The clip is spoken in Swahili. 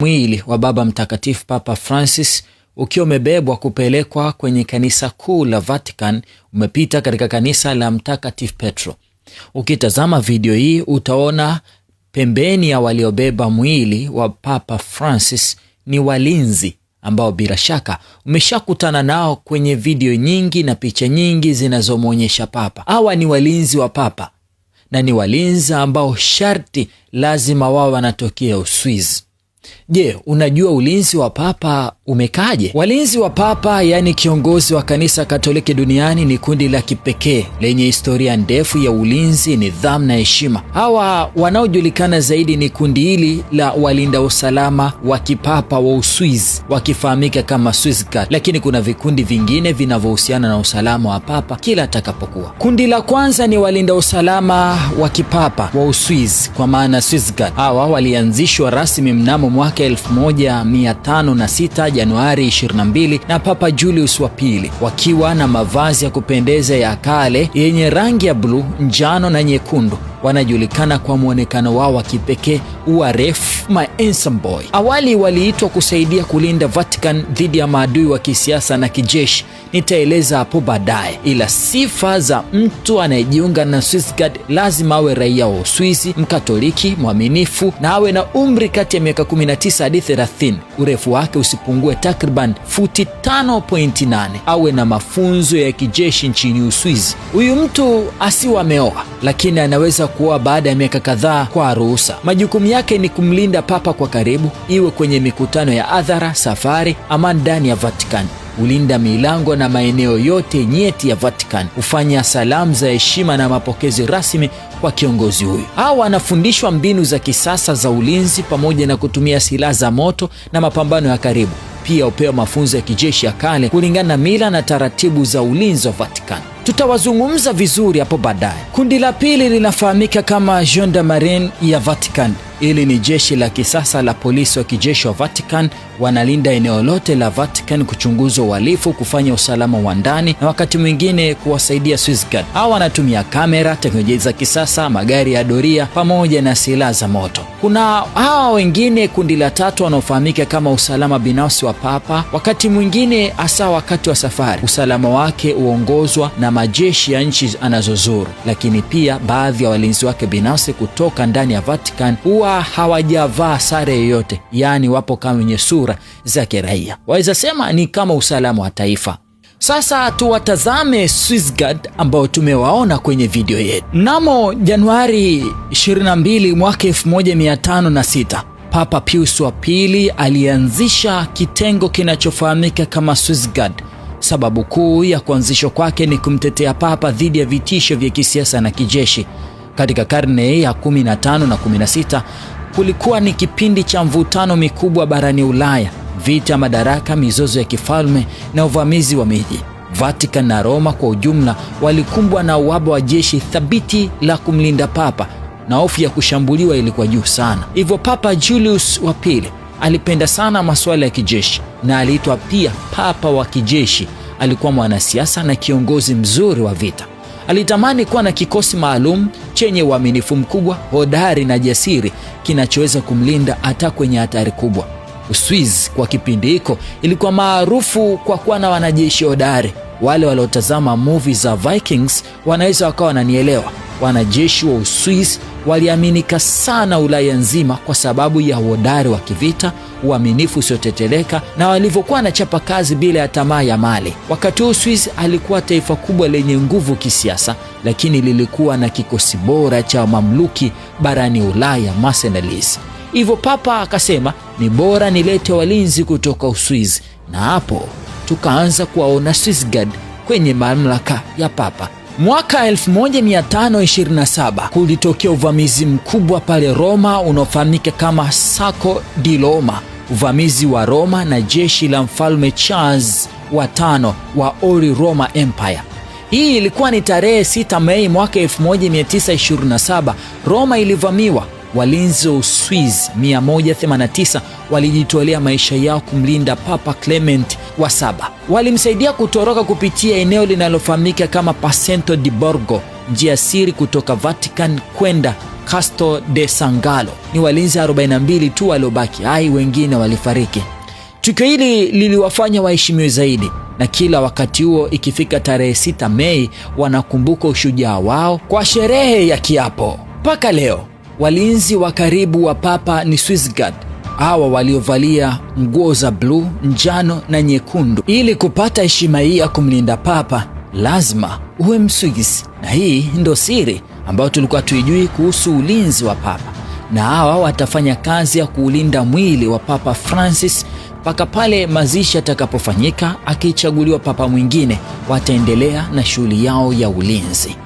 Mwili wa Baba Mtakatifu Papa Francis ukiwa umebebwa kupelekwa kwenye kanisa kuu la Vatican umepita katika kanisa la Mtakatifu Petro. Ukitazama video hii utaona pembeni ya waliobeba mwili wa Papa Francis ni walinzi ambao bila shaka umeshakutana nao kwenye video nyingi na picha nyingi zinazomwonyesha Papa. Hawa ni walinzi wa Papa na ni walinzi ambao sharti lazima wao wanatokea Uswizi. Je, unajua ulinzi wa papa umekaje? Walinzi wa Papa, yaani kiongozi wa kanisa Katoliki duniani, ni kundi la kipekee lenye historia ndefu ya ulinzi, nidhamu na heshima. Hawa wanaojulikana zaidi ni kundi hili la walinda usalama wa kipapa wa Uswizi wakifahamika kama Swiss Guard, lakini kuna vikundi vingine vinavyohusiana na usalama wa papa kila atakapokuwa. Kundi la kwanza ni walinda usalama wa kipapa wa Uswizi kwa maana Swiss Guard. Hawa walianzishwa rasmi mnamo mwaka 1506 Januari 22 na Papa Julius wa pili wakiwa na mavazi ya kupendeza ya kale yenye rangi ya bluu, njano na nyekundu wanajulikana kwa mwonekano wao wa kipekee, uarefu, maensemble. Awali waliitwa kusaidia kulinda Vatican dhidi ya maadui wa kisiasa na kijeshi, nitaeleza hapo baadaye, ila sifa za mtu anayejiunga na Swissguard lazima awe raia wa Uswisi, mkatoliki mwaminifu, na awe na umri kati ya miaka 19 hadi 30, urefu wake usipungue takriban futi 5.8, awe na mafunzo ya kijeshi nchini Uswizi. Huyu mtu asiwameoa ameoa, lakini anaweza kuoa baada ya miaka kadhaa kwa ruhusa. Majukumu yake ni kumlinda papa kwa karibu, iwe kwenye mikutano ya adhara, safari ama ndani ya Vatican hulinda milango na maeneo yote nyeti ya Vatican, hufanya salamu za heshima na mapokezi rasmi kwa kiongozi huyu. Hawa anafundishwa mbinu za kisasa za ulinzi pamoja na kutumia silaha za moto na mapambano ya karibu. Pia hupewa mafunzo ya kijeshi ya kale kulingana na mila na taratibu za ulinzi wa Vatican tutawazungumza vizuri hapo baadaye. Kundi la pili linafahamika kama Gendarmerie ya Vatican Hili ni jeshi la kisasa la polisi wa kijeshi wa Vatican, wanalinda eneo lote la Vatican kuchunguza uhalifu, kufanya usalama wa ndani na wakati mwingine kuwasaidia Swiss Guard. Hawa wanatumia kamera, teknolojia za kisasa, magari ya doria pamoja na silaha za moto. Kuna hawa wengine, kundi la tatu, wanaofahamika kama usalama binafsi wa Papa. Wakati mwingine, hasa wakati wa safari, usalama wake huongozwa na majeshi ya nchi anazozuru, lakini pia baadhi ya walinzi wake binafsi kutoka ndani ya Vatican huwa wakiwa hawajavaa sare yoyote, yaani wapo kama wenye sura za kiraia, waweza sema ni kama usalama wa taifa. Sasa tuwatazame Swissguard ambao tumewaona kwenye video yetu. Mnamo Januari 22 mwaka 1506 Papa Pius wa pili alianzisha kitengo kinachofahamika kama Swissguard. Sababu kuu ya kuanzishwa kwake ni kumtetea papa dhidi ya vitisho vya kisiasa na kijeshi. Katika karne ya 15 na 16 kulikuwa ni kipindi cha mvutano mikubwa barani Ulaya, vita, madaraka, mizozo ya kifalme na uvamizi wa miji. Vatican na Roma kwa ujumla walikumbwa na uhaba wa jeshi thabiti la kumlinda papa na hofu ya kushambuliwa ilikuwa juu sana. Hivyo Papa Julius wa pili alipenda sana masuala ya kijeshi na aliitwa pia papa wa kijeshi. Alikuwa mwanasiasa na kiongozi mzuri wa vita. Alitamani kuwa na kikosi maalum chenye uaminifu mkubwa, hodari na jasiri, kinachoweza kumlinda hata kwenye hatari kubwa. uswiz kwa kipindi hiko ilikuwa maarufu kwa kuwa na wanajeshi hodari. Wale waliotazama movie za Vikings wanaweza wakawa wananielewa wanajeshi wa Uswisi waliaminika sana Ulaya nzima kwa sababu ya uhodari wa kivita, uaminifu usioteteleka na walivyokuwa wanachapa kazi bila ya tamaa ya mali. Wakati huo Uswisi alikuwa taifa kubwa lenye nguvu kisiasa, lakini lilikuwa na kikosi bora cha mamluki barani Ulaya, mercenaries. Hivyo papa akasema ni bora nilete walinzi kutoka Uswisi, na hapo tukaanza kuwaona Swissguard kwenye mamlaka ya papa. Mwaka 1527 kulitokea uvamizi mkubwa pale Roma unaofahamika kama Sacco di Roma. Uvamizi wa Roma na jeshi la mfalme Charles wa tano wa Holy Roma Empire. Hii ilikuwa ni tarehe 6 Mei mwaka 1927, Roma ilivamiwa Walinzi wa uswiz 189 walijitolea maisha yao kumlinda Papa Clement wa saba. Walimsaidia kutoroka kupitia eneo linalofahamika kama Pasento di Borgo, njia siri kutoka Vatican kwenda Casto de Sangalo. Ni walinzi 42 tu waliobaki hai, wengine walifariki. Tukio hili liliwafanya waheshimiwe zaidi na kila wakati huo ikifika tarehe 6 Mei wanakumbuka ushujaa wao kwa sherehe ya kiapo mpaka leo. Walinzi wa karibu wa papa ni Swiss Guard, hawa waliovalia nguo za bluu, njano na nyekundu. Ili kupata heshima hii ya kumlinda papa, lazima uwe Mswisi, na hii ndo siri ambayo tulikuwa tuijui kuhusu ulinzi wa papa, na hawa watafanya kazi ya kuulinda mwili wa Papa Francis mpaka pale mazishi yatakapofanyika, akichaguliwa papa mwingine. Wataendelea na shughuli yao ya ulinzi.